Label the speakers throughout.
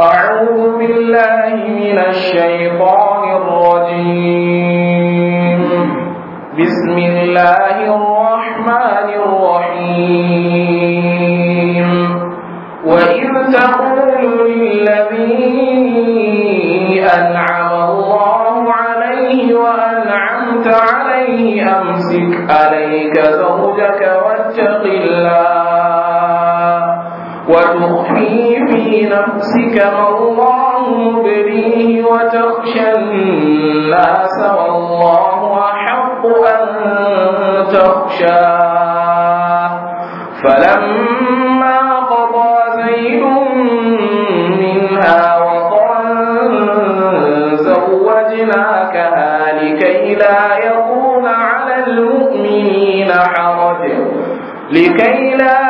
Speaker 1: أعوذ بالله من الشيطان الرجيم بسم الله الرحمن الرحيم وإذ تقول للذي أنعم الله عليه وأنعمت عليه أمسك عليك زوجك واتق الله نفسك ما الله مبريه وتخشى الناس والله أحق أن تخشى فلما قضى زيد منها وطرا زوجناكها لكي لا يكون على المؤمنين حرج لكي لا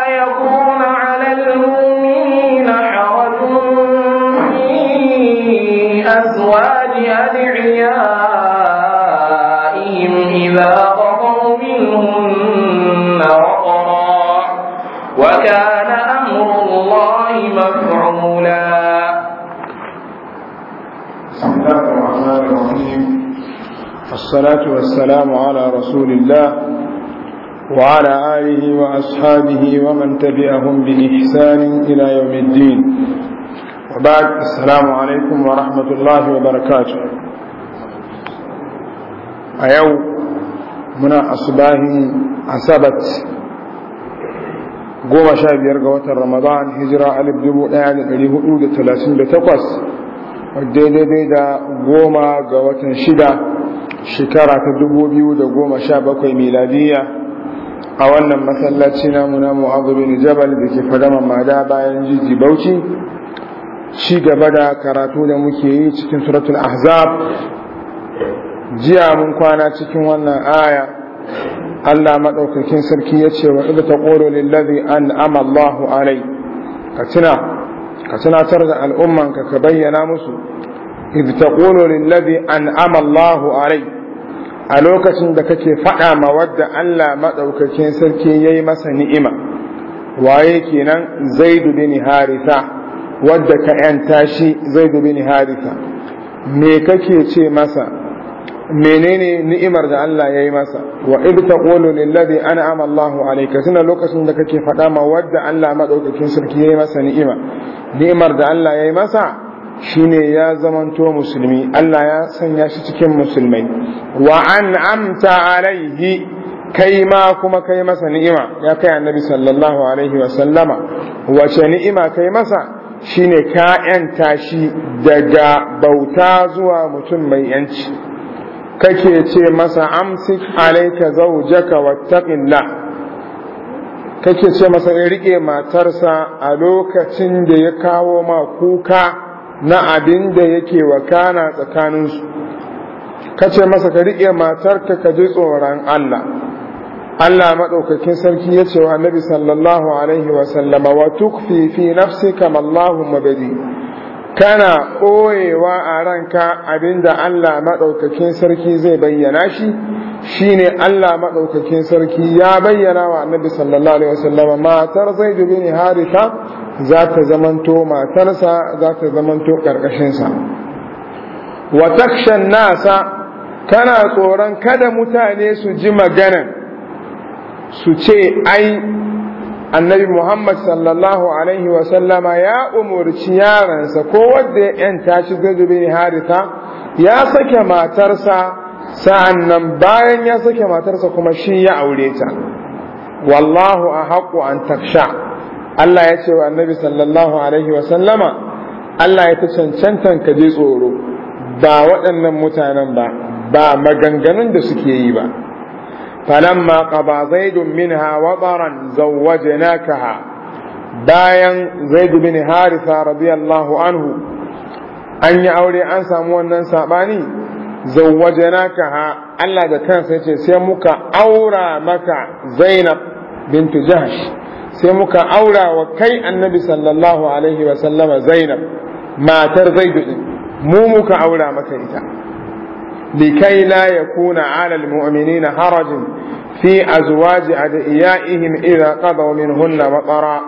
Speaker 1: أوليائهم إذا قضوا منهن وطرا وكان أمر الله مفعولا بسم الله الرحمن الرحيم
Speaker 2: الصلاة والسلام على رسول الله وعلى آله وأصحابه ومن تبعهم بإحسان إلى يوم الدين وبعد السلام عليكم ورحمة الله وبركاته a yau muna asubahin asabat goma sha biyar ga watan ramadan hijira alif dubu daya da dari hudu da talatin da takwas daidai da goma ga watan shida shekara ta dubu biyu da goma sha bakwai miladiya a wannan masallaci namu na mu'azu jabal da ke fadaman mada bayan jiji bauchi ci gaba da karatu da muke yi cikin suratul ahzab jiya mun kwana cikin wannan aya Allah maɗaukakin sarki ya ce wa idu ta ƙoro lillazi an amallahu alai ka tuna ka tunatar da al'ummanka ka bayyana musu idu ta ƙoro lillazi an amallahu alai a lokacin da kake faɗa ma wadda Allah maɗaukakin sarki yayi masa ni'ima waye kenan zaidu bin haritha wadda ka ‘yanta shi zaidu bin haritha me kake ce masa menene ni'imar da Allah ya yi masa wa id taqulu lillazi an'ama Allahu alayka tuna lokacin da kake faɗa ma wadda Allah madaukakin sarki ya yi masa ni'ima ni'imar da Allah ya yi masa shine ya zamanto musulmi Allah ya sanya shi cikin musulmai wa an'amta alayhi kai ma kuma kai masa ni'ima ya kai annabi sallallahu alaihi wa sallama wace ni'ima kai masa shine ka yanta shi daga bauta zuwa mutum mai yanci kake ce masa amsik alaika zaujaka wattaqillah kake ce masa ya rike matarsa a lokacin da ya kawo ma kuka na abin da yake wakana tsakaninsu kace masa ka rike matarka ka ji tsoron Allah Allah maɗaukakin sarki ya ce wa annabi sallallahu alaihi wa sallama wa tukfi fi nafsika ma Allahu mabadi kana ɓoyewa a ranka abinda Allah maɗaukakin sarki zai bayyana shi shine Allah maɗaukakin sarki ya bayyana wa annabi sallallahu alaihi wasallam matar zai dubi ne harita za ta zamanto matarsa za ta zamanto ƙarƙashinsa wa takshan nasa kana tsoron kada mutane su ji magana su ce ai annabi Muhammad sallallahu alaihi wa sallama ya umurci yaransa ko wanda ya yanta shi Zaid harita ya sake matarsa sa'an nan bayan ya sake matarsa kuma shi ya aure ta wallahu ahqqu an taksha Allah ya ce wa annabi sallallahu alaihi wa sallama Allah ya ta cancantan ka je tsoro ba waɗannan mutanen ba ba maganganun da suke yi ba falamma qada zaidun minha wataran zawwajnakaha bayan zaid bin harisa radiyallahu anhu an yi aure an samu wannan saɓani, sabani zawwajanakaha Allah da kansa ce sai muka aura maka Zainab bintu Jahsh sai muka aura wa kai Annabi sallallahu alaihi wa sallama Zainab matar zai mu muka aura maka ita لكي لا يكون على المؤمنين حرج في أزواج أدعيائهم إذا قضوا منهن مطرا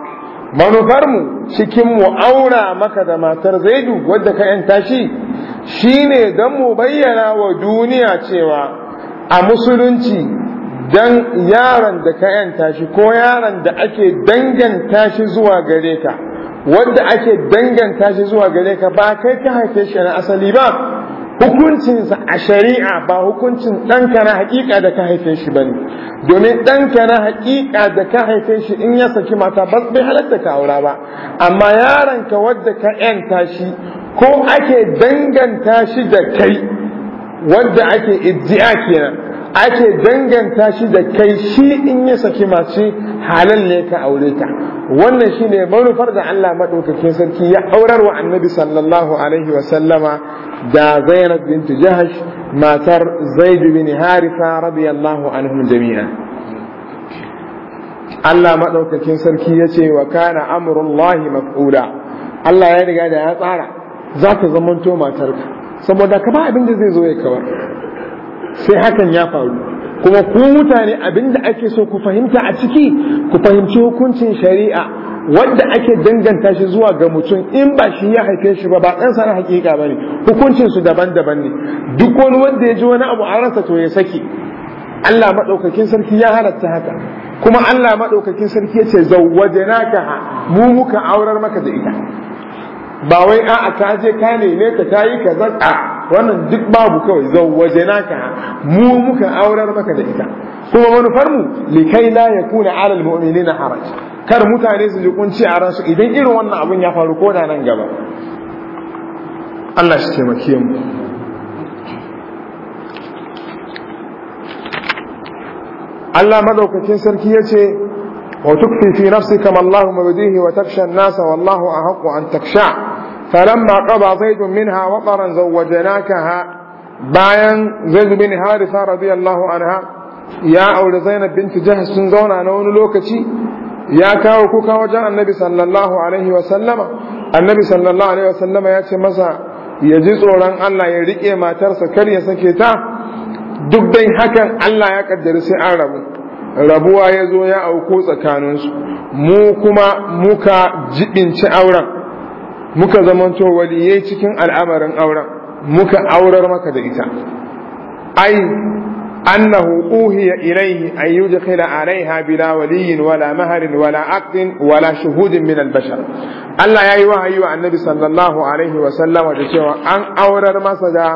Speaker 2: manufarmu cikin mu aura maka da matar zaidu wadda ka yanta shi shine don mu bayyana wa duniya cewa a musulunci don yaron da ka yanta shi ko yaron da ake danganta shi zuwa gare ka wadda ake danganta shi zuwa gare ka ba kai ka haife shi na asali ba hukuncinsa a shari'a ba hukuncin ɗanka na haƙiƙa da ka haife shi ba ne domin ɗanka na haƙiƙa da ka haife shi in ya saki mata ba bai halatta ka aura ba amma yaronka wadda ka ‘yanta shi ko ake danganta shi da kai wadda ake iddia kenan ake danganta shi da kai shi in ya saki mace halal ne ka aure ta wannan shine manufar da Allah madaukakin sarki ya aurar wa annabi sallallahu alaihi wa da zainab bintu jahash matar zaid bin harisa radiyallahu anhum jami'a Allah madaukakin sarki yace wa kana amrullahi maf'ula Allah ya riga da ya tsara za ka zamanto matarka saboda ka ba abin da zai zo ya kawar sai hakan ya faru kuma ku mutane abin da ake so ku fahimta a ciki ku fahimci hukuncin shari'a wanda ake danganta shi zuwa ga mutum in ba shi ya haife shi ba ba ɗan sana hakika bane hukuncin su daban-daban ne duk wani wanda ya ji wani abu a ransa to ya saki Allah maɗaukakin sarki ya halatta haka kuma Allah maɗaukakin sarki ya ce zau naka mu muka aurar maka da ita ba wai a'a ka je ka ka ta yi kaza a wannan duk babu kawai zau waje naka mu muka aurar maka da ita kuma manufar mu likai la yakuna ala almu'minina haraj kar mutane su ji kunci a ransu idan irin wannan abun ya faru ko da nan gaba Allah shi taimake mu Allah madaukakin sarki yace wa tukfi fi nafsika ma Allahu mabdihi wa taksha an-nasa wallahu ahqqu an taksha falamma qada zaidun minha wataran zawwajanakaha bayan zaid bin harisa radiyallahu anha ya aure zainab binti jahsh sun zauna na wani lokaci ya kawo kuka wajen annabi sallallahu alaihi wa sallama annabi sallallahu alaihi wa sallama ya ce masa ya ji tsoron Allah ya rike matarsa kar ya sake ta duk dai hakan Allah ya ƙaddari sai an rabu rabuwa ya zo ya auku tsakaninsu mu kuma muka jibinci auren muka zamanto waliyai cikin al'amarin auren muka aurar maka da ita ai annahu uhiya ilayhi an yudkhila alaiha bila waliyin wala maharin wala aqdin wala shuhudin min al-bashar Allah yayi wahayi wa annabi sallallahu alaihi wa sallama da cewa an aurar masa da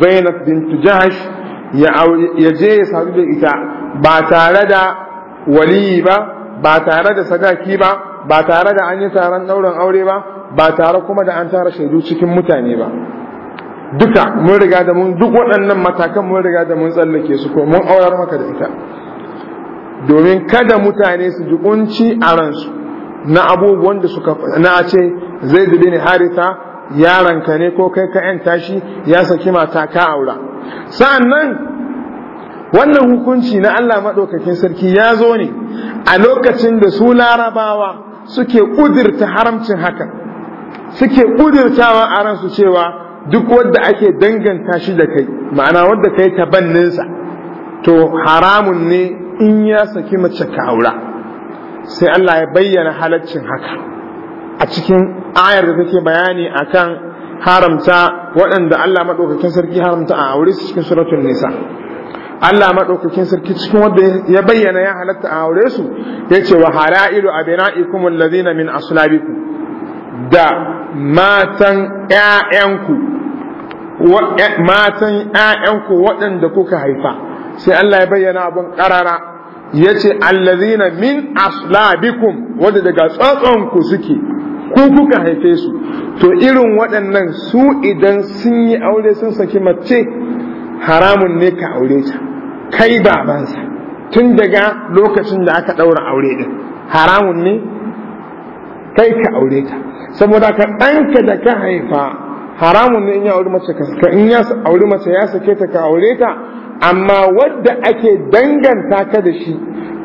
Speaker 2: Zainab bint Jahsh ya je ya sadu da ita ba tare da waliyi ba ba tare da sadaki ba ba tare da an yi taron ɗaurin aure ba ba tare kuma da an tara shaidu cikin mutane ba duka mun riga da mun duk waɗannan matakan mun riga da mun tsallake su ko mun aurar maka da ita domin kada mutane su ji kunci a ransu na abubuwan da suka na a ce zai dubi ne harita yaranka ne ko kai ka yan tashi ya saki mata ka aura sa'annan wannan hukunci na Allah maɗaukakin sarki ya zo ne a lokacin da su larabawa suke ƙudurta haramcin hakan suke ƙudurtawa a ransu cewa duk wadda ake danganta shi da kai ma'ana wadda kai tabanninsa to haramun ne in ya saki mace ka aura sai Allah ya bayyana halaccin haka a cikin ayar da take bayani akan haramta waɗanda Allah maɗaukakin sarki haramta a aure su cikin suratul nisa Allah maɗaukakin sarki cikin wanda ya bayyana ya halatta a aure su ya ce wa bina abina'ikum alladhina min aslabikum da matan ‘ya'yanku matan ‘ya'yanku waɗanda kuka haifa sai Allah ya bayyana abin ƙarara ya ce allazina min aslabikum wadda daga tsotsonku suke ku kuka haife su to irin waɗannan su idan sun yi aure sun saki mace haramun ne ka aure ta kai babansa tun daga lokacin da aka ɗaura aure ɗin haramun ne kai ka aure ta saboda ka ɗanka da ka haifa haramun ne in ya auri mace ka in ya auri mace ya sake ta ka aure ta amma wadda ake danganta ka da shi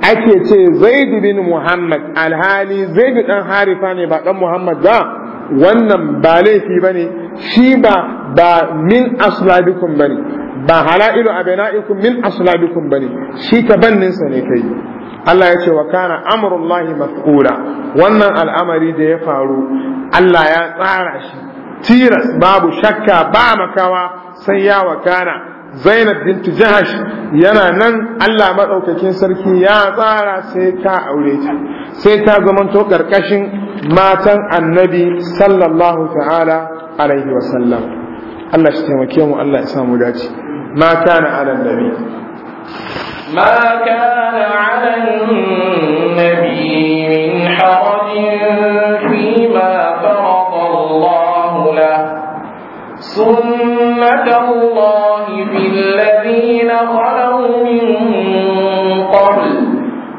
Speaker 2: ake ce zaidu bin muhammad alhali zaidu dan harifa ne ba dan muhammad ba wannan ba laifi ne shi ba ba min aslabikum ne. ba halailu abna'ikum min aslabikum bane shi tabannin sa ne yi. Allah ya ce wa kana amrullahi maf'ula wannan al'amari da ya faru Allah ya tsara shi tiras babu shakka ba makawa sai ya wakana zainab bintu jahash yana nan Allah maɗaukakin sarki ya tsara sai ta aure ta sai ta zamanto ƙarƙashin matan annabi sallallahu ta'ala alaihi sallam. Allah shi taimake mu Allah ya samu dace ma kana ala nabi
Speaker 1: ma kana ala nabi min harajin fi ma farada Allah la sunnata Allah خلوا من قبل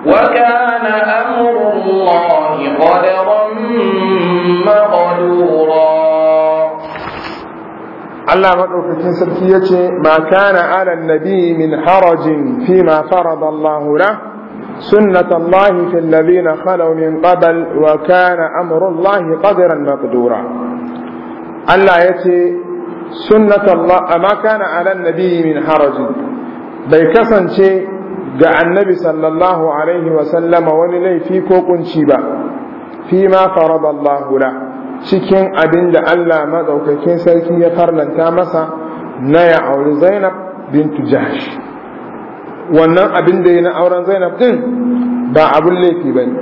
Speaker 1: وكان أمر الله قدرا مقدورا
Speaker 2: الله مدعوكي سبكية ما كان على النبي من حرج فيما فرض الله له سنة الله في الذين خلوا من قبل وكان أمر الله قدرا مقدورا الله يتي سنة الله ما كان على النبي من حرج bai kasance ga annabi sallallahu alaihi wasallama wani laifi ko kunci ba fi ma faradallahu la cikin abin da Allah madaukakin sarki ya farlanta masa na ya auri Zainab bintu Jahsh wannan abin da yi na auren Zainab din ba abun laifi bane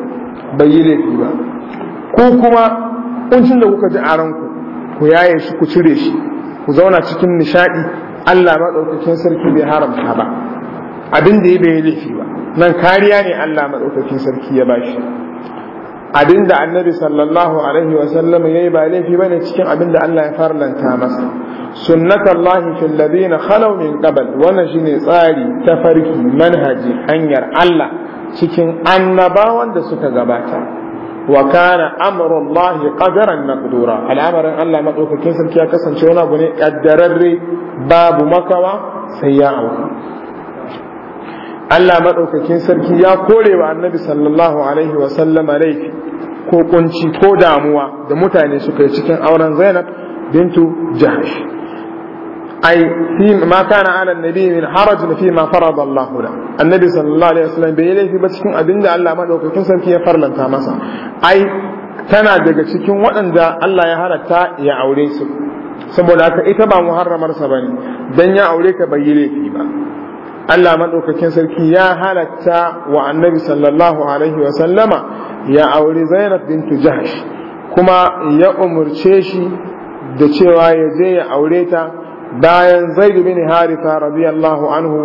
Speaker 2: bai yi laifi ba ko kuma kuncin da kuka ji a ku yaye shi ku cire shi ku zauna cikin nishadi Allah maɗaukakin sarki bai haramta ba abin da ya bai laifi ba nan kariya ne Allah maɗaukakin sarki ya bashi abin da annabi sallallahu alaihi ya yi ba laifi ba ne cikin abin da Allah ya farlanta masa sunnatallahi fil ladina khalaw min qabl wannan shine tsari tafarki manhaji hanyar Allah cikin annabawan da suka gabata wa kana amru Allah qadaran maqdura al'amarin Allah madaukakin sarki ya kasance wani abu ne kaddararre babu makawa sai ya auku Allah madaukakin sarki ya korewa Annabi sallallahu alaihi wa sallama laifi ko kunci ko damuwa da mutane suka yi cikin auren Zainab bintu Jahsh أي في ما كان على النبي من حرج فيما فرض الله له النبي صلى الله عليه وسلم بيلي في بتشكين أبين الله ما لو كنت سنكي يفرلن تامسا أي tana daga cikin waɗanda Allah ya halatta ya aure su saboda haka ita ba muharramarsa ba ne don ya aure ka bai yi laifi ba Allah maɗaukakin sarki ya halatta wa annabi sallallahu alaihi wa sallama ya aure zainab bintu jahash kuma ya umarce shi da cewa ya je ya aure ta bayan zaidu bin harisa radiyallahu anhu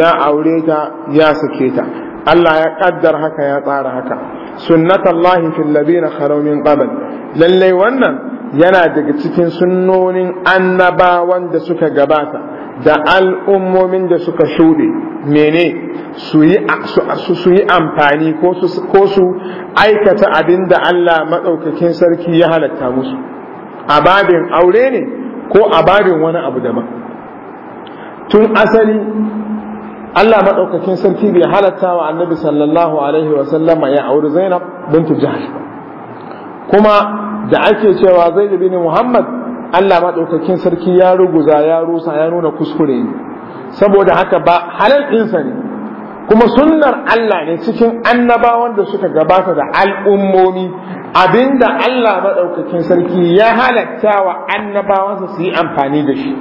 Speaker 2: ya aure ta ya sake ta Allah ya kaddar haka ya tsara haka sunnatallahi fil ladina khalaw min qabl lalle wannan yana daga cikin sunnonin annabawan da suka gabata da al'ummomin da suka shuɗe mene su yi amfani ko su aikata abin da Allah madaukakin sarki ya halatta musu a babin aure ne ko a barin wani abu daban tun asali Allah maɗaukakin sarki bai halatta wa annabi sallallahu alaihi wa ya auri Zainab bintu Jahsh kuma da ake cewa Zaid bin Muhammad Allah maɗaukakin sarki ya ruguza ya rusa ya nuna kuskure saboda haka ba halal ɗinsa ne kuma sunnar Allah ne cikin annabawan da suka gabata da al'ummomi abinda Allah maɗaukakin sarki ya halatta wa annabawansa su yi amfani da shi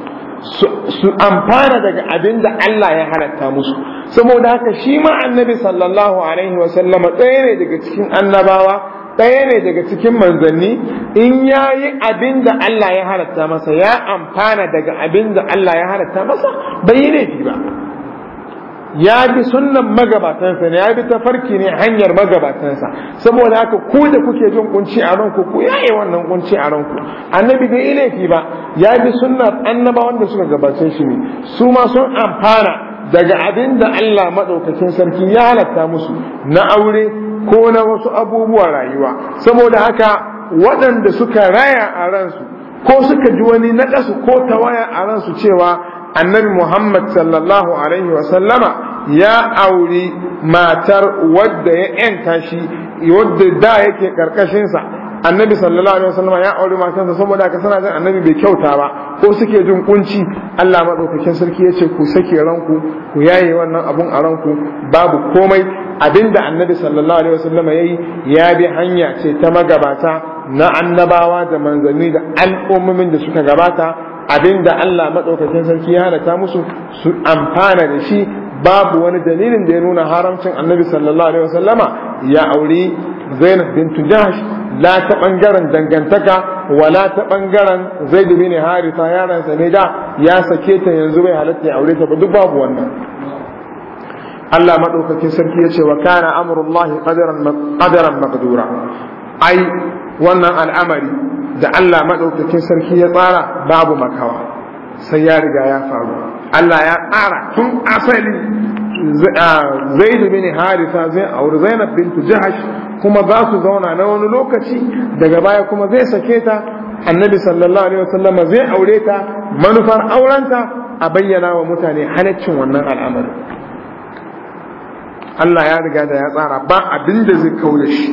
Speaker 2: su amfana daga abinda Allah ya halatta musu saboda haka shi ma annabi sallallahu alaihi wasallama ɗaya ne daga cikin annabawa ɗaya ne daga cikin manzanni in ya yi abin Allah ya halatta masa ya amfana daga abinda Allah ya halatta masa bai yi ba ya bi sunnan magabatansa ne ya bi ta farki ne hanyar magabatansa saboda haka ku da kuke jin kunci a ranku ku yaye wannan kunci a ranku annabi da fi ba ya bi sunnar annaba wanda suka gabace shi ne su ma sun amfana daga abin da Allah maɗaukakin sarki ya halatta musu na aure ko na wasu abubuwan rayuwa saboda haka waɗanda suka raya a ransu ko suka ji wani naƙasu ko tawaya a ransu cewa annabi Muhammad sallallahu alaihi wasallama ya auri matar wadda ya ‘yanta shi wadda da yake ƙarƙashinsa annabi sallallahu alaihi wasallam ya auri matarsa saboda ka sana jin annabi bai kyauta ba ko suke jin kunci Allah madaukakin sarki ya ce ku sake ranku ku yaye wannan abun a ranku babu komai abinda annabi sallallahu alaihi wasallam yayi ya bi hanya ce ta magabata na annabawa da manzanni da al'ummomin da suka gabata abinda Allah madaukakin sarki ya halatta musu su amfana da shi babu wani dalilin da ya nuna haramcin annabi sallallahu alaihi wasallama ya auri zainab bintu jahsh la ta bangaren dangantaka wala ta bangaren zaid bin haritha yaran sa ne da ya sake ta yanzu bai halatta ya aure ta ba duk babu wannan Allah madaukakin sarki ya ce wa kana amrullahi qadaran qadaran maqdura ai wannan al'amari da Allah madaukakin sarki ya tsara babu makawa sai ya riga ya faru Allah ya tsara tun asali zaid bin harisa zai auri zainab bintu jahash kuma za su zauna na wani lokaci daga baya kuma zai sake ta annabi sallallahu alaihi wasallam zai aure ta manufar aurenta a bayyana wa mutane halaccin wannan al'amari Allah ya riga da ya tsara ba abin da zai kaule shi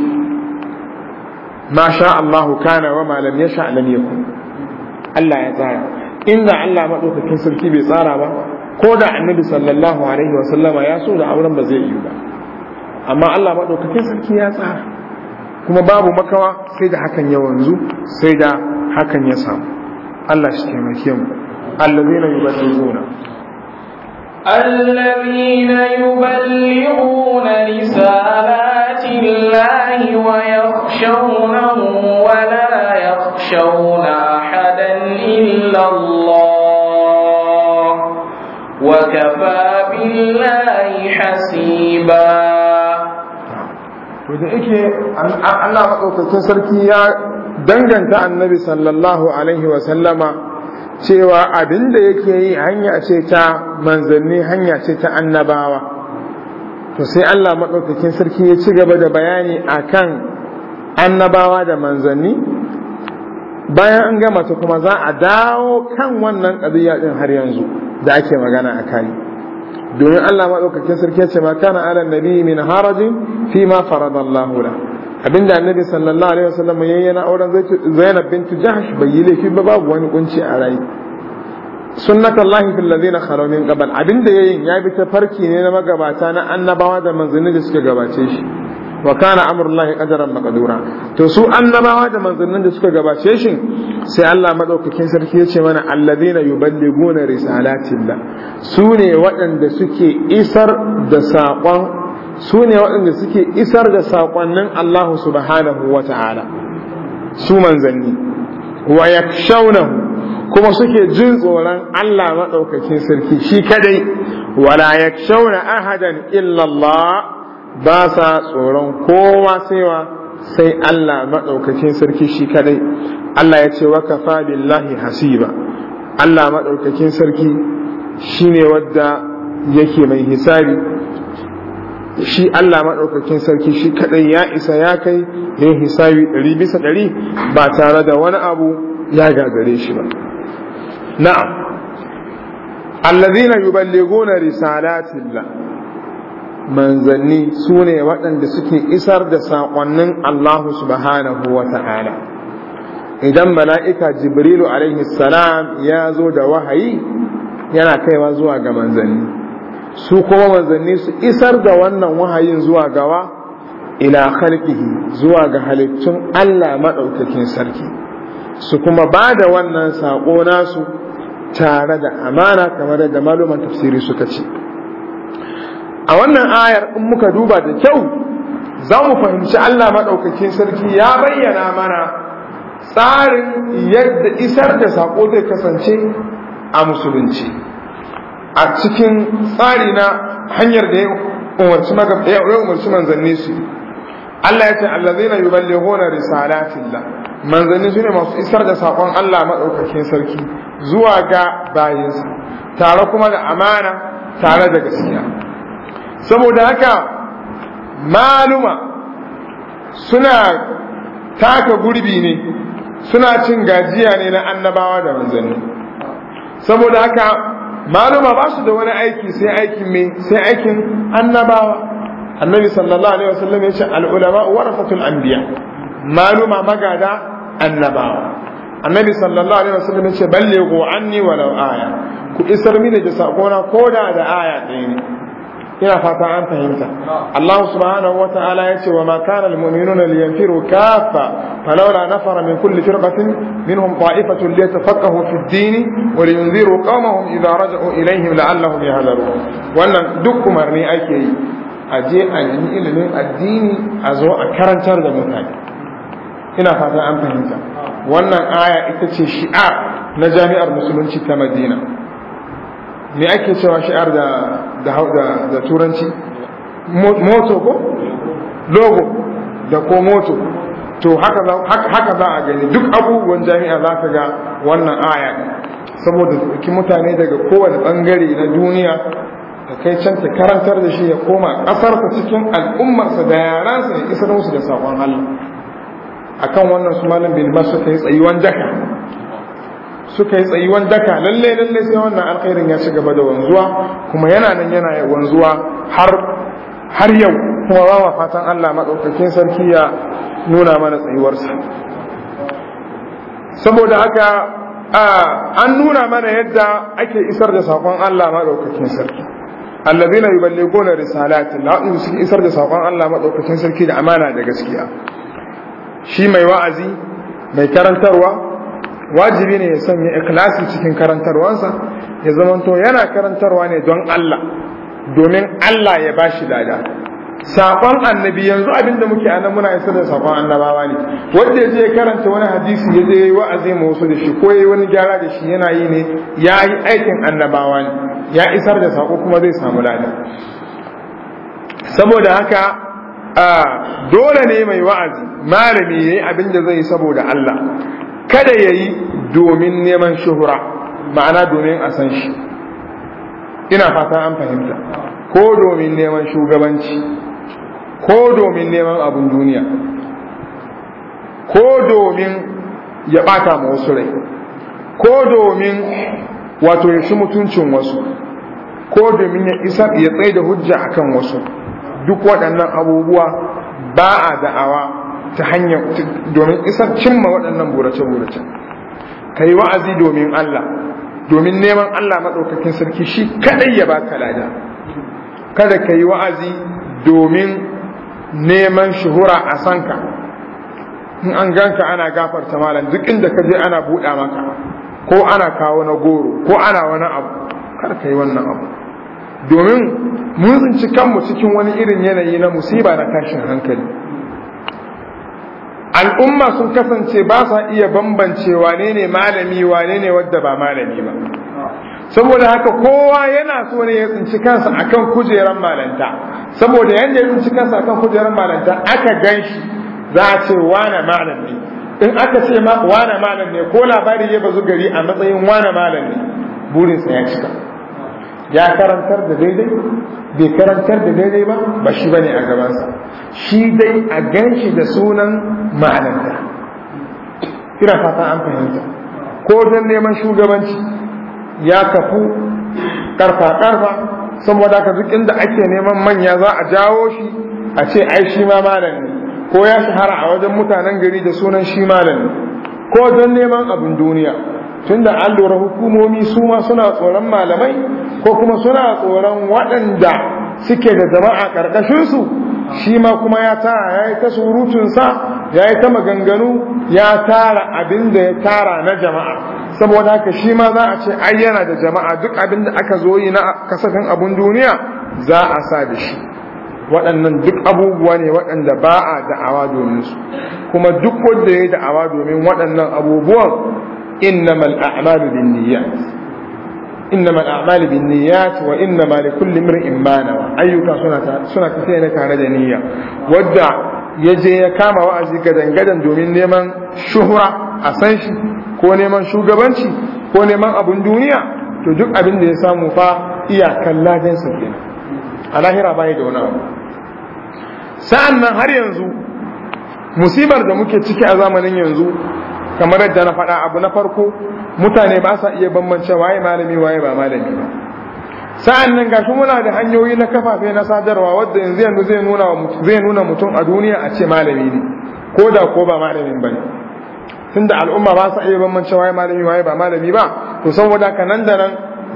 Speaker 2: ma sha Allahu kana wa ma lam yasha lam yakun Allah ya tsara inda Allah maɗaukakin sarki bai tsara ba ko da annabi sallallahu alaihi wa sallama ya so da auren ba zai yi ba amma Allah maɗaukakin sarki ya tsara kuma babu makawa sai da hakan ya wanzu sai da hakan ya samu Allah shi taimake mu allazina yuballighuna
Speaker 1: الذين يبلغون wa الله ويخشونه ولا يخشون أحد إلا الله وكفى بالله حسيبا
Speaker 2: to da yake Allah maɗaukakin sarki ya danganta annabi sallallahu alaihi wasallama cewa abin da yake yi hanya ce ta manzanni hanya ce ta annabawa to sai Allah maɗaukakin sarki ya ci gaba da bayani akan annabawa da manzanni bayan an gama ta kuma za a dawo kan wannan ƙadiyya ɗin har yanzu da ake magana a kai domin Allah maɗaukakin sarki ce ma kana ala nabi min harajin fi ma farada da abinda annabi sallallahu alaihi wasallam yi yana auren Zainab Bintu, Jahsh bai yi laifi ba babu wani kunci a rai sunnatullahi fil ladina na min qabl abinda yayin ya bi ta farki ne na magabata na annabawa da manzanni da suka gabace shi wa kana amrullahi qadaran maqdura to su annabawa da manzannin da suka gabace shi sai Allah madaukakin sarki ya ce mana alladhina yuballiguna risalatillah su ne waɗanda suke isar da saƙon su ne waɗanda suke isar da saƙonnin Allah subhanahu wa ta'ala su manzanni wa yakshawnahu kuma suke jin tsoron Allah maɗaukakin sarki shi kadai wala yakshawna ahadan illa Allah ba sa tsoron kowa saiwa sai Allah maɗaukakin sarki shi kadai Allah ya ce waka fa billahi hasiba Allah maɗaukakin sarki shi ne wadda yake mai hisabi shi Allah maɗaukakin sarki shi kadai ya isa ya kai yin hisabi ɗari bisa ɗari ba tare da wani abu ya gagare shi ba na'am allazina yuballighuna risalatillah manzanni su ne waɗanda suke isar da saƙonnin Allah subhanahu wa ta'ala idan mala'ika jibrilu alaihi salam ya zo da wahayi yana kaiwa zuwa ga manzanni su kuma manzanni su isar da wannan wahayin zuwa gawa ila halkihi zuwa ga halittun Allah maɗaukakin sarki su kuma ba da wannan saƙo nasu tare da amana kamar da malumar tafsiri suka ce a wannan ayar in muka duba da kyau za mu fahimci Allah maɗaukakin sarki ya bayyana mana tsarin yadda isar da saƙo zai kasance a musulunci a cikin tsari na hanyar da ya umarci manzanni su Allah ya ce allazina yuballighuna risalatillah manzanni su ne masu isar da saƙon Allah maɗaukakin sarki zuwa ga bayinsa tare kuma da amana tare da gaskiya saboda haka maluma suna taka gurbi ne suna cin gajiya ne na annabawa da manzanni saboda haka maluma ba su da wani aiki sai aikin mai sai aikin annabawa annabi sallallahu alaihi wasallam ya ce al'ulama warafatul anbiya maluma magada annabawa annabi sallallahu alaihi wasallam ya ce ballighu anni walau aya ku isar mini da sakona koda da aya ɗaya ne ina fata an fahimta Allah subhanahu wa ta'ala yace wa ma kana al mu'minuna liyanfiru kaffa falawla nafara min kulli firqatin minhum ta'ifatun liyatafaqahu fi ad-din wa liyunziru qawmahum idha raja'u ilayhim la'allahum yahdharun wannan duk umarni ake yi a je a yi ilimin addini a zo a karantar da mutane ina fata an fahimta wannan aya ita ce shi'a na jami'ar musulunci ta Madina me ake cewa shi'ar da turanci moto ko logo da ko moto to haka za a gani duk abubuwan jami'a za ka ga wannan aya saboda ki mutane daga kowane bangare na duniya da kai can karantar da shi ya koma ƙasarsa cikin al'ummarsa da yaransa ya isar musu da saƙon A akan wannan su malam bin masu ta yi tsayuwan jaka suka yi tsayuwan daka lalle lalle sai wannan alkhairin ya ci gaba da wanzuwa kuma yana nan yana wanzuwa har har yau kuma ba fatan Allah madaukakin sarki ya nuna mana tsayuwarsa saboda haka an nuna mana yadda ake isar da sakon Allah madaukakin sarki allazina yuballighuna risalati la'u suke isar da sakon Allah madaukakin sarki da amana da gaskiya shi mai wa'azi mai karantarwa wajibi ne ya sanya ikhlasi cikin karantarwansa ya zamanto yana karantarwa ne don Allah domin Allah ya ba shi lada sakon annabi yanzu abinda da muke nan muna isar da sakon annabawa ne wanda ya je karanta wani hadisi ya je yi wa'azi ma wasu da shi ko ya yi wani gyara da shi yana yi ne ya yi aikin annabawa ne ya isar da sako kuma zai samu lada saboda haka dole ne mai wa'azi malami yayi abin da zai yi saboda Allah kada ya yi domin neman shuhura ma'ana domin a san shi ina fata an fahimta ko domin neman shugabanci ko domin neman abin duniya ko domin ya bata ma wasu rai ko domin wato ya shi mutuncin wasu ko domin ya isa ya tsaye da hujja akan wasu duk waɗannan abubuwa ba a da'awa ta hanyar domin isar cimma waɗannan burace-burace ka yi wa'azi domin Allah domin neman Allah maɗaukakin sarki shi kaɗai ya ba ka lada kada ka yi wa'azi domin neman shuhura a sanka in an ganka ana gafarta malam duk inda ka je ana buɗa maka ko ana kawo na goro ko ana wani abu kar ka yi wannan abu domin mun tsinci kanmu cikin wani irin yanayi na musiba na tashin hankali al'umma sun kasance ba sa iya bambance wane ne malami wane ne wadda ba malami ba saboda haka kowa yana so ne ya tsinci kansa akan kujerar malanta saboda yanda ya tsinci kansa akan kujerar malanta aka gan shi za a ce wane malam in aka ce wane malam ko labari ya bazu gari a matsayin wane malam burinsa ya cika ya karantar da daidai bai karantar da daidai ba ba shi bane a gabansa shi dai a ganshi da sunan ma'ananta kira fata an fahimta ko don neman shugabanci ya kafu karfa karfa saboda ka duk inda ake neman manya za a jawo shi a ce ai shi ma malam ne ko ya shahara a wajen mutanen gari da sunan shi malam ne ko don neman abin duniya tunda an lura hukumomi su ma suna tsoron malamai ko kuma suna tsoron waɗanda suke da jama'a ƙarƙashinsu shi ma kuma ya tara ya yi ta surutunsa ya yi ta maganganu ya tara abin da ya tara na jama'a saboda haka shi ma za a ce ai da jama'a duk abin da aka zo yi na kasafin abin duniya za a sa da shi waɗannan duk abubuwa ne waɗanda ba a da'awa domin su kuma duk wanda ya yi da'awa domin waɗannan abubuwan إنما الأعمال بالنيات إنما الأعمال بالنيات وإنما لكل امرئ ما نوى أيك سنة سنة تسيني تare da niyya wadda yaje ya kama wa'azi gadan gadan domin neman shuhura a san shi ko neman shugabanci ko neman abun duniya to duk abin da ya samu fa iyakan ladan sa kenan a lahira da wani abu sa'an nan har yanzu musibar da muke ciki a zamanin yanzu kamar yadda na faɗa abu na farko mutane ba sa iya bambance waye malami waye ba malami ba sa'an nan shi muna da hanyoyi na kafafe na sadarwa wadda yanzu yanzu zai nuna zai nuna mutum a duniya a ce malami ne ko da ko ba malamin bane tunda al'umma ba sa iya bambance waye malami waye ba malami ba to saboda ka nan da nan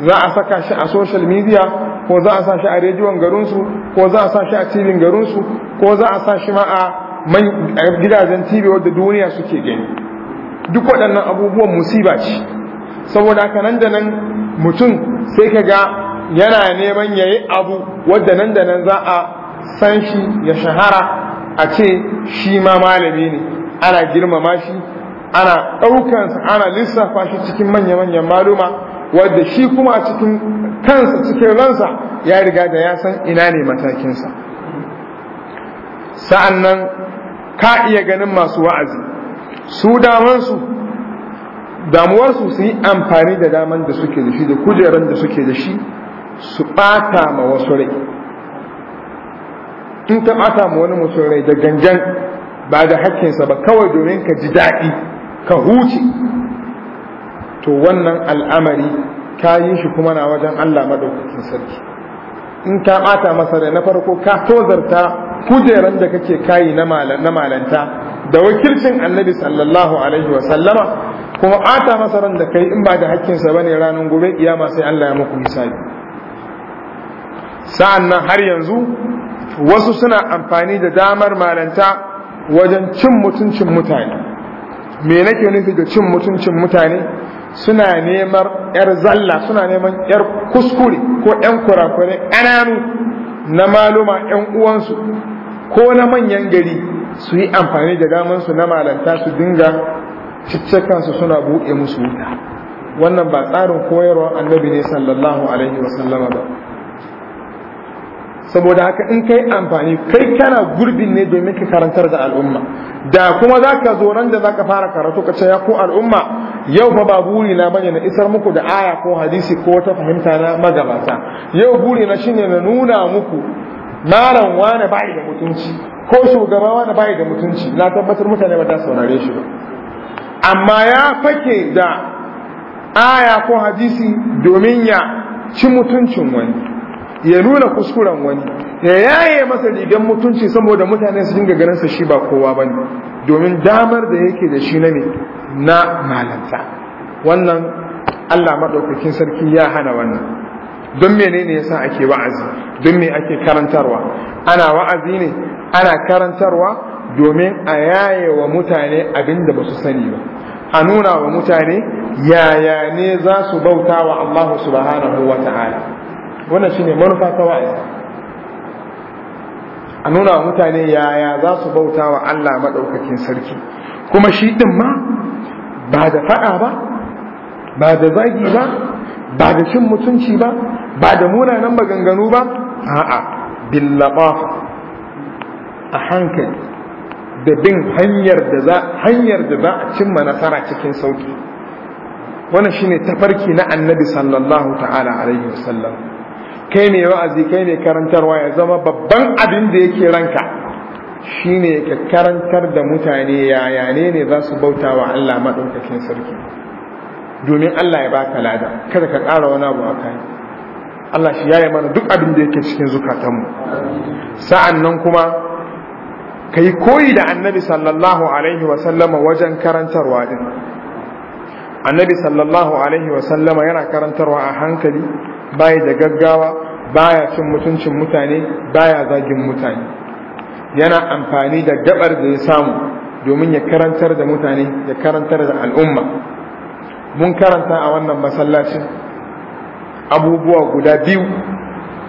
Speaker 2: za a saka shi a social media ko za a sa shi a rediyon garinsu ko za a sa shi a tibin garinsu ko za a sa shi ma a gidajen TV wadda duniya suke gani duk waɗannan abubuwan musiba ce saboda haka nan da nan mutum sai ka ga yana neman ya yi abu wadda nan da nan za a san shi ya shahara a ce shi ma malami ne ana girmama shi ana ɗaukansa ana lissafa shi cikin manya-manyan maluma wadda shi kuma cikin kansa cikin ransa ya riga da ya san ina ne matakinsa sa'an nan ka iya ganin masu wa'azi su damansu damuwarsu su yi amfani da daman da suke da shi da kujerar da suke da shi su ɓata ma wasu rai in ta ɓata ma wani mutum rai da ganjan ba da hakkinsa ba kawai domin ka ji daɗi ka huce to wannan al'amari ka yi shi kuma na wajen Allah maɗaukakin sarki in ka ɓata masa rai na farko ka tozarta kujeran da kake kayi na malanta da wakilcin annabi sallallahu alaihi wa sallama kuma ata masa ran da kai in ba da hakkinsa bane ranar gobe iyama sai Allah ya muku misali. sa'an nan har yanzu wasu suna amfani da damar malanta wajen cin mutuncin mutane me nake nufi da cin mutuncin mutane suna neman ‘yar zalla suna neman ‘yar kuskure ko ‘yan kurakure ƙananu na maluma ‘yan uwansu ko na manyan gari su yi amfani da damar su na malanta su dinga su suna buɗe musu wuta wannan ba tsarin koyarwar annabi ne sallallahu alaihi wasallama ba saboda haka in kai amfani kai kana gurbin ne domin ka karantar da al'umma da kuma za ka zo nan da za ka fara karatu ka ce ya ko al'umma yau fa ba buri na bane na isar muku da aya ko hadisi ko wata fahimta na magabata yau buri na shine na nuna muku malam wani bai da mutunci ko shugaba wani bai da mutunci na tabbatar mutane ba za su saurare shi ba amma ya fake da aya ko hadisi domin ya ci mutuncin wani ya nuna kuskuren wani ya yaye masa rigar mutunci saboda mutane su dinga ganin sa shi ba kowa bane domin damar da yake da shi na ne na malanta wannan Allah madaukakin sarki ya hana wannan don menene yasa ake wa'azi don me ake karantarwa ana wa'azi ne ana karantarwa domin a yaye wa mutane abin da ba su sani ba a nuna wa mutane yaya ne za su bauta wa Allah subhanahu wa ta'ala wannan shine manufa ta wa'azi a nuna wa mutane yaya za su bauta wa Allah maɗaukakin sarki kuma shi ɗin ma ba da faɗa ba ba da zagi ba ba da cin mutunci ba ba da munanan maganganu ba a'a billaqafa a hankali da bin hanyar da za hanyar da a cimma nasara cikin sauki wannan shine tafarki na annabi sallallahu ta'ala alaihi wasallam kai ne wa'azi kai ne karantarwa ya zama babban abin da yake ranka shine ka karantar da mutane ya yane ne za su bauta wa Allah maɗaukakin sarki domin Allah ya baka lada kada ka ƙara wani abu a kai Allah shi yi mana duk abin da yake cikin zukatanmu sa'an nan kuma ka yi koyi da annabi sallallahu alaihi wasallama wajen karantarwa din annabi sallallahu alaihi wasallama yana karantarwa a hankali baya da gaggawa baya cin mutuncin mutane baya zagin mutane yana amfani da gabar da ya samu domin ya karantar da mutane ya karantar da al'umma mun karanta a wannan masallacin abubuwa guda biyu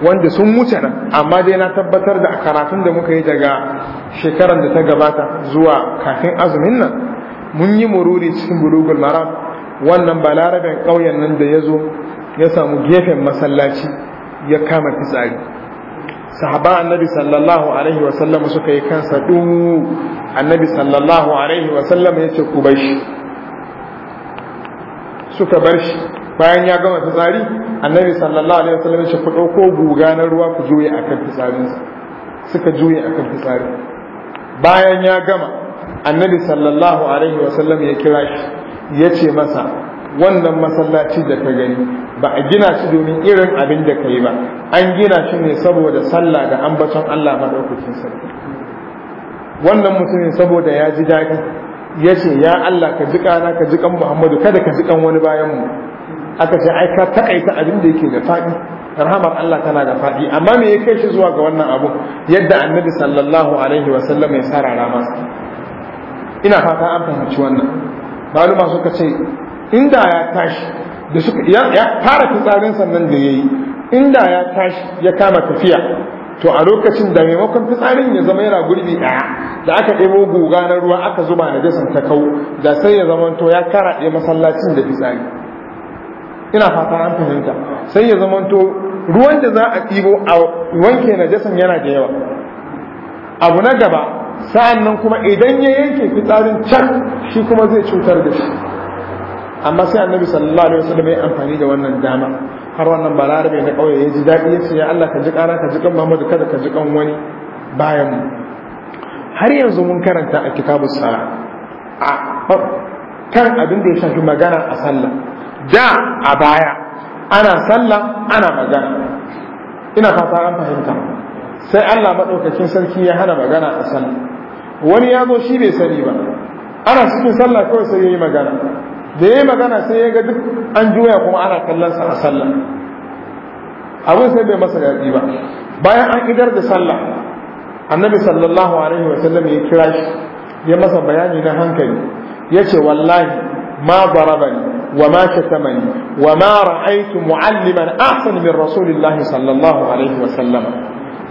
Speaker 2: wanda sun wuce nan amma dai na tabbatar da a karatun da muka yi daga shekarar da ta gabata zuwa kafin azumin nan mun yi mururi cikin bulugul maram wannan balarabin ƙauyen nan da ya zo ya samu gefen masallaci ya kama fitsari sahaba annabi sallallahu alaihi wasallam suka yi kansa dumu annabi sallallahu alaihi wasallam ya ce ku bar shi suka bar shi bayan ya gama fitsari annabi sallallahu alaihi wasallam ya ce ku dauko guga na ruwa ku juye akan fitsarin suka juye akan fitsarin bayan ya gama annabi sallallahu alaihi wasallam ya kira shi ya ce masa wannan masallaci da ka gani ba a gina shi domin irin abin da ka yi ba an gina shi ne saboda sallah da ambaton Allah madaukakin sarki wannan mutumin saboda ya ji daɗi ya ce ya Allah ka ji kana ka ji kan Muhammadu kada ka ji kan wani bayan mu aka ce aika takaita abin da yake da fadi, rahamar Allah tana da fadi, amma me ya kai shi zuwa ga wannan abu yadda annabi sallallahu alaihi wa sallam ya sarara masa ina fata an fahimci wannan maluma suka ce inda ya tashi da suka ya fara fitsarin sannan da yayi inda ya tashi ya kama tafiya to a lokacin da maimakon fitsarin ya zama yana gurbi ɗaya da aka ɗebo guga na ruwa aka zuba na jasan ta kau da sai ya zama to ya karaɗe masallacin da fitsari ina fata an fahimta sai ya zamanto ruwan da za a ɗibo a wanke na najasan yana da yawa abu na gaba sa'an nan kuma idan ya yanke fitsarin can shi kuma zai cutar da shi amma sai annabi sallallahu alaihi wasallam ya amfani da wannan dama har wannan balarabe na kauye ya ji daɗi ya ce ya Allah ka ji ƙara ka ji kan Muhammadu kada ka ji kan wani bayan mu har yanzu mun karanta a kitabus sala a kan abin da ya shafi magana a sallah da a baya ana sallah ana magana ina fata an fahimta sai Allah madaukakin sarki ya hana magana a sallah wani ya zo shi bai sani ba ana cikin sallah kawai sai ya yi magana da ya yi magana sai ya ga duk an juya kuma ana kallon sa a sallah abin sai bai masa daɗi ba bayan an idar da sallah annabi sallallahu alaihi wasallam ya kira shi ya masa bayani na hankali ya ce wallahi ما ضربني وما شتمني وما رأيت معلما أحسن من رسول الله صلى الله عليه وسلم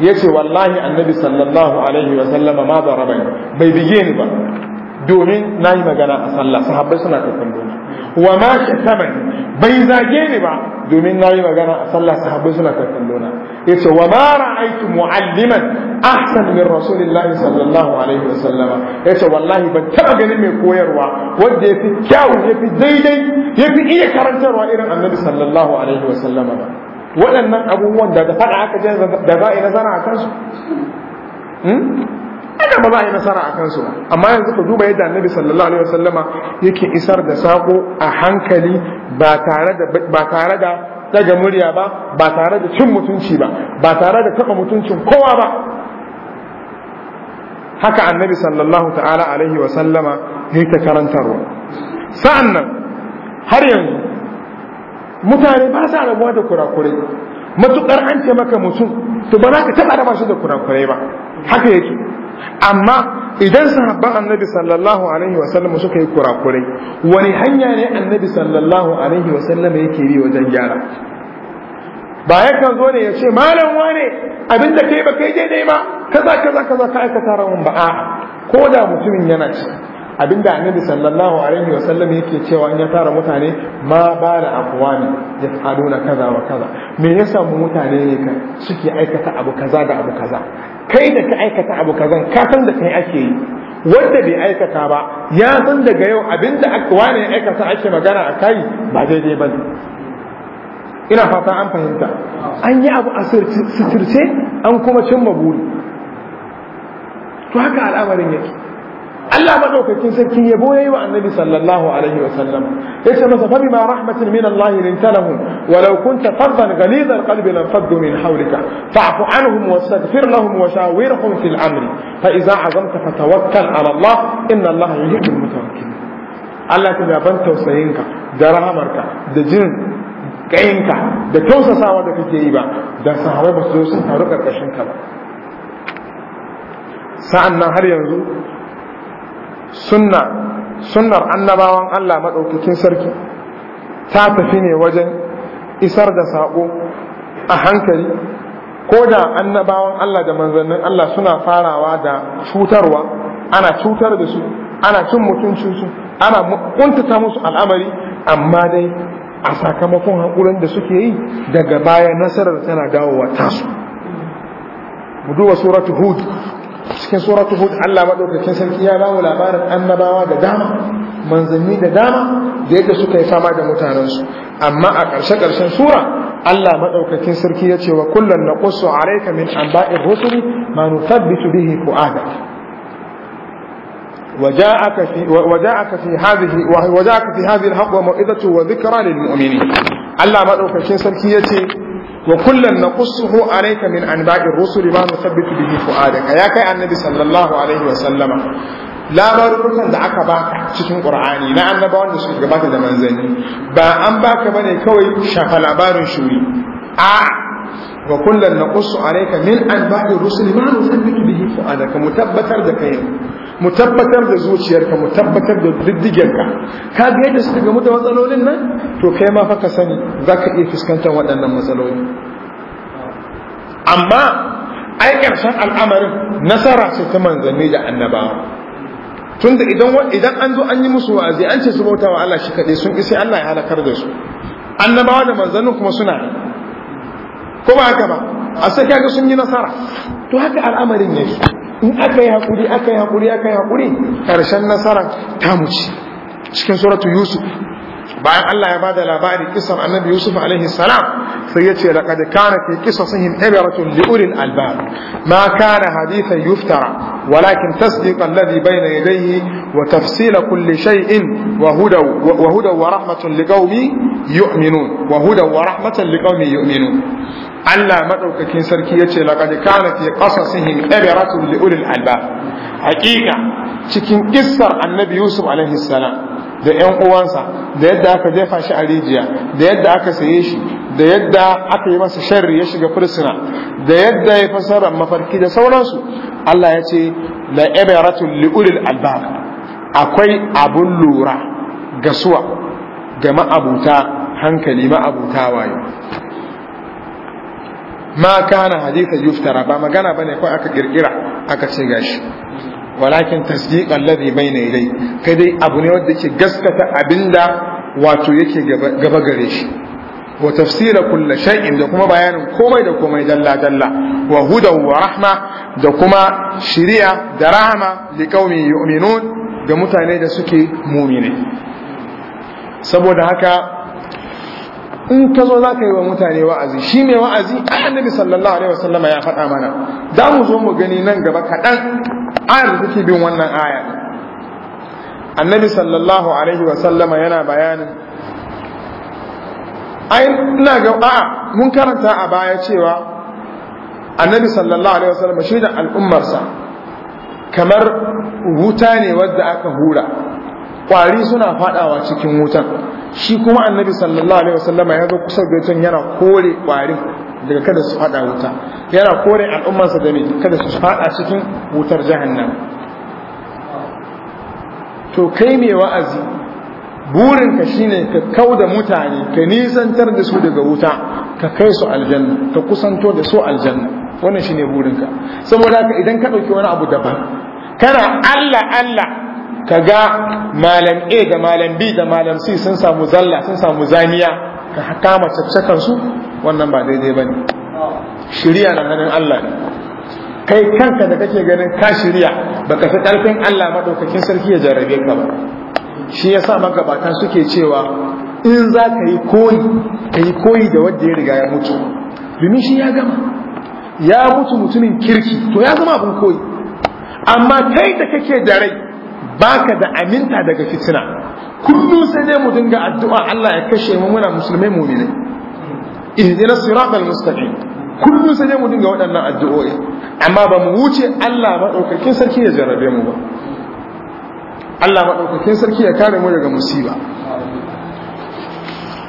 Speaker 2: يتي والله النبي صلى الله عليه وسلم ما ضربني بيبيين بقى domin na yi magana a sallah sahabbai suna ɗaukan doni wa ma shi taman bai zage ni ba domin na yi magana a sallah sahabbai suna doni ya ce wa ma ra'aytu mu'alliman ahsan min rasulillahi sallallahu alaihi wasallam ce wallahi ban taba ganin mai koyarwa wanda yafi kyau yafi daidai yafi iya karantarwa irin annabi sallallahu alaihi wasallam ba waɗannan abubuwan da ta faɗa aka je da za a yi nazara a kansu hmm? da ba za a yi nasara a kansu ba amma yanzu ka duba yadda annabi sallallahu alaihi wasallama yake isar da sako a hankali ba tare da ba tare da daga murya ba ba tare da cin mutunci ba ba tare da taba mutuncin kowa ba haka annabi sallallahu ta'ala alaihi wasallama yi ta karantarwa sa'an nan har yanzu mutane ba sa rabuwa da kurakurai matuƙar an ce maka mutum to ba za ka taɓa raba shi da kurakurai ba haka yake amma idan sahabban annabi sallallahu alaihi wasallam suka yi kurakurai wani hanya ne annabi sallallahu alaihi wasallam yake yi wajen gyara ba yakan zo ne ya ce malam wane abin da kai ba kai daidai ba kaza kaza kaza ka aikata rawan ba a ko da mutumin yana ci abin da annabi sallallahu alaihi wasallam yake cewa in ya tara mutane ma ba da afwani ya na kaza wa kaza me yasa mutane ne suke aikata abu kaza da abu kaza kai da ka aikata abu kazan ka san da kai ake yi wanda bai aikata ba ya san daga yau abinda aka wane ya aikata ake magana a kai ba daidai ba ina fata an fahimta an yi abu a suturce an kuma cimma buri to haka al'amarin yake Allah madaukakin sarki ya yayi wa Annabi sallallahu alaihi wa sallam yace masa fa bima rahmatin min Allah linta lahum walau kunta fardan ghalid alqalbi lan faddu min hawlika fa'fu anhum wastaghfir lahum wa shawirhum fil amri fa idza azamta fatawakkal ala Allah inna Allah yuhibbul mutawakkilin Allah ka ban tausayinka da rahamarka da jin kayinka da tausasawa da kake yi ba da sahabai ba su zo sun taru karkashin ka ba sa'an har yanzu sunna sunnar annabawan Allah maɗaukakin sarki ta tafi ne wajen isar da saƙo a hankali ko da annabawan Allah da manzannin Allah suna farawa da cutarwa ana cutar da su ana cin mutuncin su, ana kuntata musu al'amari amma dai a sakamakon haƙurin da suke yi daga baya nasarar tana dawowa tasu mu duba suratu hud cikin suratu hud Allah madaukakin sarki ya bamu labarin annabawa da dama manzanni da dama da yadda suka yi fama da mutanensu amma a ƙarshe ƙarshen sura Allah madaukakin sarki ya ce wa kullun naqussu alayka min anba'ir rusuli ma nuthabbitu bihi fu'adak وجاءك في وجاءك في هذه وجاءك في هذه الحق وموعظة وذكرى للمؤمنين. الله ما أوكي كين سلكي wa kullum na kusuhu a raika min an ba'in rusuli ba mu sabbitu bihi fu'adaka ya kai annabi sallallahu alaihi wa sallama da aka baka cikin qur'ani na annabawan da suka gabata da manzanni ba an baka bane kawai shafa labarin shuri a wa kullum na kusu alaika min an ba'i ma nusabbitu bihi fu'adaka mu tabbatar da kai mu tabbatar da zuciyarka mu tabbatar da diddigenka ka ga yadda suka gamu da matsalolin nan to kai ma fa ka sani za ka iya fuskantar waɗannan matsaloli amma ai ƙarshen al'amarin nasara ce ta manzanni da annabawa tunda idan idan an zo an yi musu wa'azi an ce su bauta wa Allah shi kaɗai sun isa Allah ya halakar da su annabawa da manzannin kuma suna ko ba haka ba a sai kaga sun yi nasara to haka al'amarin yake in aka yi haƙuri aka yi haƙuri aka yi haƙuri ƙarshen nasarar ta muci cikin suratu yusuf bayan Allah ya ba da labari kisan annabi yusuf alaihi salam sai ya ce laqad kana fi qisasihim ibratun li liurin albar. ma kana hadithan yuftara walakin tasdiq alladhi bayna yadayhi wa tafsila kulli shay'in wa hudaw wa hudaw wa rahmatan yu'minun wa hudaw wa rahmatan liqaumin yu'minun Allah madaukakin sarki yace laqad kana fi qasasihim ibratun li ulil albab haqiqa cikin kissar annabi Yusuf alaihi salam da ƴan uwansa da yadda aka jefa shi a rijiya da yadda aka saye shi da yadda aka yi masa sharri ya shiga fursuna da yadda ya fasara mafarki da sauransu Allah ya ce la ibratun li ulil albab akwai abun lura ga suwa ga ma'abuta hankali ma'abuta wayo ma kana hadithan yuftara ba magana bane ko aka girgira aka ce gashi walakin tasdiq alladhi bayna ilay kai dai abu ne wanda yake gaskata abinda wato yake gaba gare shi wa tafsira kulli shay'in da kuma bayanin komai da komai dalla dalla wa huda wa rahma da kuma shiriya da rahama qaumi yu'minun ga mutane da suke mu'mini saboda haka in ka zo za ka yi wa mutane wa'azi shi mai wa'azi a annabi sallallahu alaihi wasallam ya faɗa mana za mu zo mu gani nan gaba kaɗan ayar da take bin wannan aya annabi sallallahu alaihi wasallam yana bayanin ai ina ga a mun karanta a baya cewa annabi sallallahu alaihi wasallam shi da al'ummarsa kamar wuta ne wadda aka hura kwari suna fadawa cikin wutan shi kuma annabi sallallahu alaihi wasallama ya zo kusa da wutan yana kore kwari daga kada su fada wuta yana kore al'ummarsa da me kada su fada cikin wutar jahannam to kai mai wa'azi burin ka shine ka kau da mutane ka nisantar da su daga wuta ka kai su aljanna ka kusanto da su aljanna wannan shine burinka saboda haka idan ka dauki wani abu daban kana Allah Allah Ka ga malam A da malam B da malam C sun samu zalla sun samu zaniya ka kama caccakan su wannan ba daidai ba ne. shirya na hannun Allah ne kai kanka da kake ganin ka shirya baka fi karfin Allah madaukakin sarki ya jarrabe ka ba shi yasa magabatan suke cewa in za ka yi koyi ka yi koyi da wanda ya riga ya mutu domin shi ya gama ya mutu mutumin kirki to ya zama abin koyi amma kai da kake da rai baka da aminta daga fitina kullu sai dai mu dinga addu'a Allah ya kashe mu muna musulmai mu'minai ihdina siratal mustaqim kullu sai dai mu dinga waɗannan addu'o'i amma ba mu wuce Allah madaukakin sarki ya jarrabe mu ba Allah madaukakin sarki ya kare mu daga musiba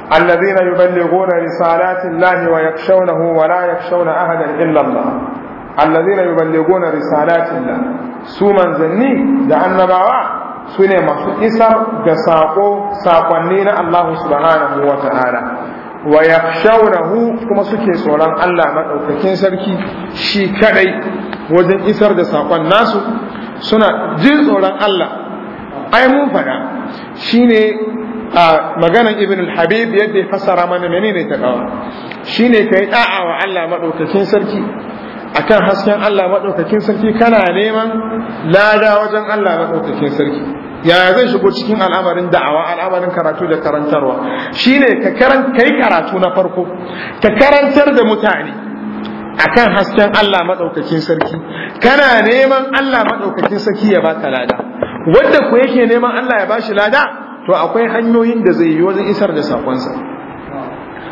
Speaker 2: الذين يبلغون رسالات الله ويخشونه ولا يخشون أحدا إلا الله yuballighuna risalati llah su manzanni da annabawa su ne masu isar da saƙo saƙonni na Allah subhanahu wa ta'ala wa yakhshawnahu kuma suke tsoron Allah madaukakin sarki shi kadai wajen isar da sakon nasu suna jin tsoron Allah ai mun faɗa shine a maganan ibn al-habib yadda ya fassara mana menene ta kawa shine kai da'awa wa Allah madaukakin sarki akan hasken Allah maɗaukakin sarki kana neman lada wajen Allah maɗaukakin sarki yaya zai shigo cikin al'amarin da'awa al'amarin karatu da karantarwa shine ka karan kai karatu na farko ka karantar da mutane akan hasken Allah maɗaukakin sarki kana neman Allah maɗaukakin sarki ya ba ka lada wanda ku yake neman Allah ya ba shi lada to akwai hanyoyin da zai yi wajen isar da saƙonsa.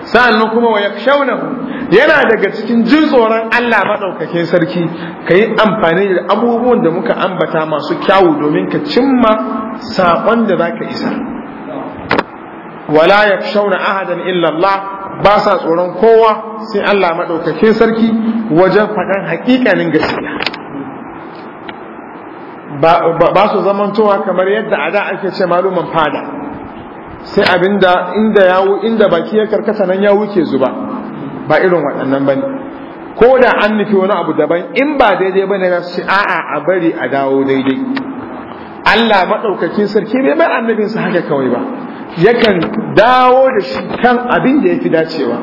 Speaker 2: sa'annan kuma wa yakshawnahu yana daga cikin jin tsoron Allah maɗaukakin sarki ka yi amfani da abubuwan da muka ambata masu kyawu domin ka cimma saƙon da za ka isa wala ya shauna ahadan illallah ba sa tsoron kowa sai Allah maɗaukakin sarki wajen faɗan haƙiƙanin gaskiya ba su zamantowa kamar yadda a da ake ce maluman fada sai abinda inda yawo inda baki ya karkata nan yawo ke zuba ba irin waɗannan ba ne ko da an nufi wani abu daban in ba daidai ba ne su a'a a bari a dawo daidai Allah maɗaukakin sarki bai bar annabinsa haka kawai ba yakan dawo da shi kan abin da ya fi dacewa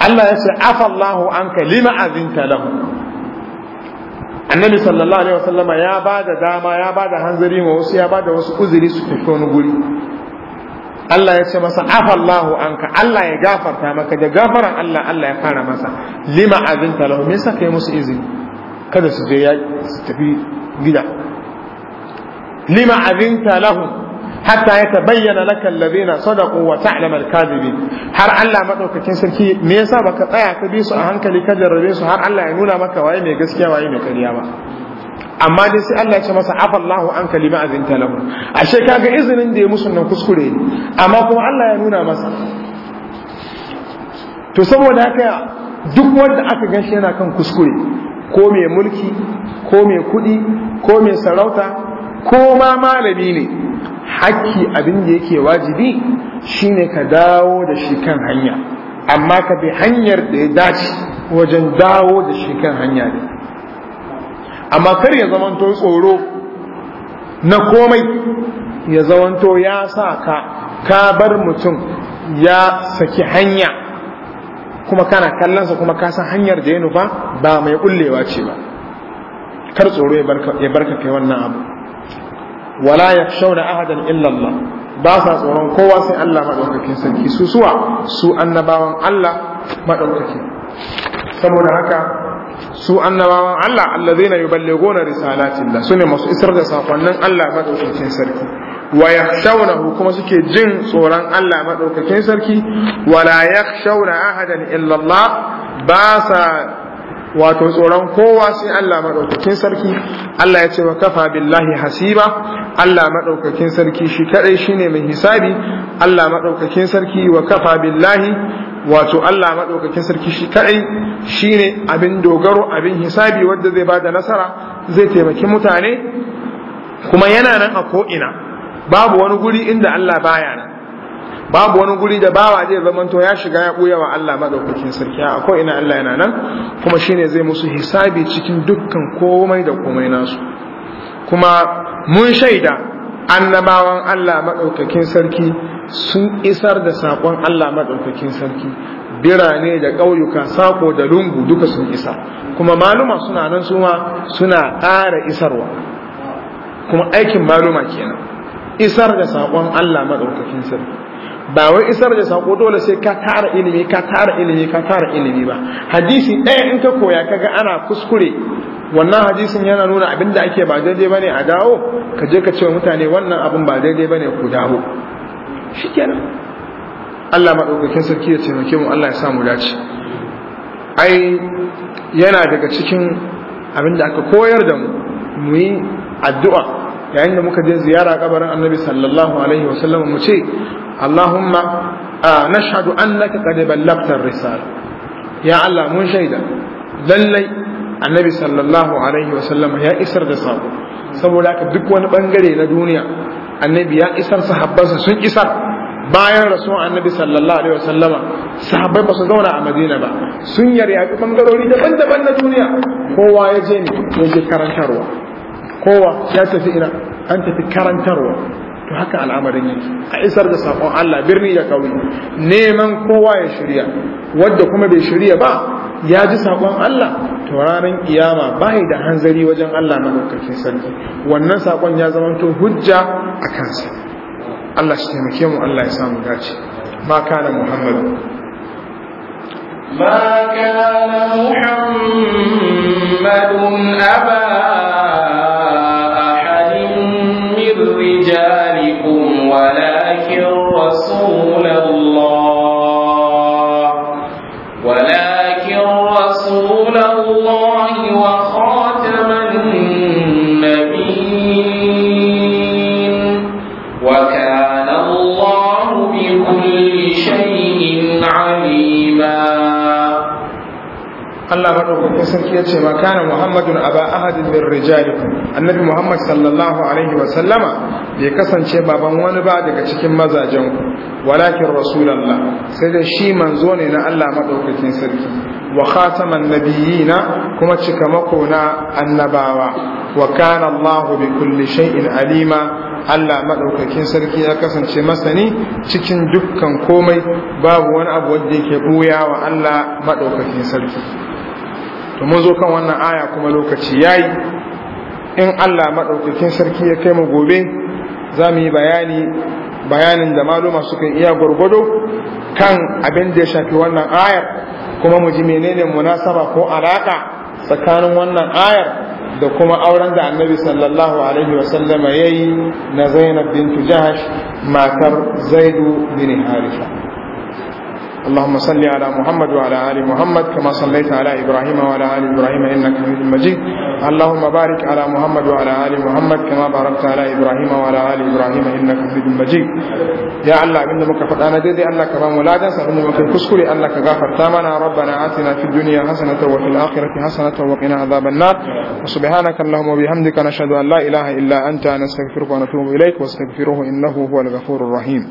Speaker 2: Allah ya ce afallahu anka lima azinta lahu annabi sallallahu alaihi wasallama ya ba da dama ya ba da hanzari ma wasu ya ba da wasu uzuri su tafi wani guri Allah ya ce masa afallahu anka Allah ya gafarta maka da gafaran Allah Allah ya fara masa lima ta lahu me yasa kai musu izini kada su je ya su tafi gida lima ta lahu hatta ya tabayyana laka alladhina sadaqu wa ta'lamu al har Allah madaukakin sarki me yasa baka tsaya ka bi su a hankali ka jarrabe su har Allah ya nuna maka waye mai gaskiya waye mai ƙarya ba amma dai sai Allah ya ce masa afallahu an kalima azin talahu ashe kaga izinin da ya musu nan kuskure amma kuma Allah ya nuna masa to saboda haka duk wanda aka ganshi yana kan kuskure ko mai mulki ko mai kuɗi, ko mai sarauta ko ma malami ne hakki abin da yake wajibi shine ka dawo da shi kan hanya amma ka bi hanyar da ya dace wajen dawo da shi kan hanya ne amma kar ya zamanto tsoro na komai ya zamanto ya sa ka ka bar mutum ya saki hanya kuma kana kallonsa kuma ka san hanyar da ya nufa ba mai kullewa ce ba kar tsoro ya barka kai wannan abu wala da ahadan illa Allah ba sa tsoron kowa sai Allah madaukakin sarki su suwa su annabawan Allah maɗaukakin. saboda haka su annabawan Allah allazina yuballighuna risalatillah sune masu isar da sakonnin Allah madaukakin sarki wa shauna kuma suke jin tsoron Allah madaukakin sarki wala yakhshawna ahadan illa Allah ba sa wato tsoron kowa sai Allah maɗaukakin sarki Allah ya ce wa kafa billahi hasiba Allah maɗaukakin sarki shi kadai shine mai hisabi Allah maɗaukakin sarki wa kafa billahi wato Allah maɗaukakin sarki shi kaɗai shi abin dogaro abin hisabi wadda zai bada nasara zai taimaki mutane kuma yana nan a ko'ina babu wani guri inda Allah baya nan babu wani guri da bawa zai zamanto ya shiga ya buya wa Allah maɗaukakin sarki a ko'ina Allah yana nan kuma shine zai musu hisabi cikin dukkan komai da komai nasu kuma mun shaida annabawan Allah maɗaukakin sarki sun isar da saƙon Allah maɗaukakin sarki birane da ƙauyuka sako da lungu duka sun isa kuma maluma suna nan suma suna ƙara isarwa kuma aikin maluma kenan isar da saƙon Allah maɗaukakin sarki ba wai isar da sako dole sai ka tara ilimi ka tara ilimi ka tara ilimi ba hadisi ɗaya in ka koya kaga ana kuskure wannan hadisin yana nuna abin da ake ba daidai bane a dawo ka je ka ce mutane wannan abin ba daidai bane ku dawo kenan Allah madaukakin sarki ya taimake mu Allah ya sa mu dace ai yana daga cikin abin da aka koyar da mu mu yi addu'a yayin da muka je ziyara kabarin Annabi sallallahu alaihi wasallam mu ce Allahumma nashhadu annaka qad ballagta ar-risala ya Allah mun shaida lallai Annabi sallallahu alaihi wasallam ya isar da sako saboda duk wani bangare na duniya Annabi ya isar sahabbansa sun isar bayan rasuwan annabi sallallahu alaihi wasallama sahabbai ba su zauna a madina ba sun yaryaki bangarori daban-daban na duniya kowa ya je ne ya je karantarwa kowa ya tafi ina an tafi karantarwa to haka al'amarin yake a isar da sakon Allah birni da ƙauye, neman kowa ya shirya wanda kuma bai shirya ba ya ji sakon Allah to ranar kiyama bai da hanzari wajen Allah na lokacin sarki wannan sakon ya zamanto hujja
Speaker 3: a kansa
Speaker 2: Allah shi taimake mu Allah ya samu dace ma kana muhammadu ما
Speaker 1: كان محمد أبا أحد من
Speaker 2: Allah madaukakin sarki yace ma kana Muhammadun aba ahadin min rijalikum annabi Muhammad sallallahu alaihi wa sallama bai kasance baban wani ba daga cikin mazajen ku walakin rasulullah sai da shi manzo ne na Allah madaukakin sarki wa khataman nabiyina kuma mako na annabawa wa kana Allah bi kulli shay'in alima Allah maɗaukakin sarki ya kasance masani cikin dukkan komai babu wani abu wanda yake ɓuya wa Allah maɗaukakin sarki. to mun zo kan wannan aya kuma lokaci yayi in Allah madaukakin sarki ya kai mu gobe za mu yi bayani bayanin da maluma suka iya gurgudu kan abin da ya shafi wannan ayar kuma mu ji menene munasaba ko alaka tsakanin wannan ayar da kuma auren da annabi sallallahu alaihi wasallama ya yi na zainab bintu jahash matar zaidu bin Harisha. اللهم صل على محمد وعلى آل محمد كما صليت على إبراهيم وعلى آل إبراهيم إنك حميد مجيد اللهم بارك على محمد وعلى آل محمد كما باركت على إبراهيم وعلى آل إبراهيم إنك حميد مجيد يا الله إن مك فدانا ديدي الله كما مولادا سألنا مك كسكري الله كغفر تامنا ربنا آتنا في الدنيا حسنة وفي الآخرة حسنة وقنا عذاب النار وسبحانك اللهم وبحمدك نشهد أن لا إله إلا أنت نستغفرك ونتوب إليك واستغفره إنه هو الغفور الرحيم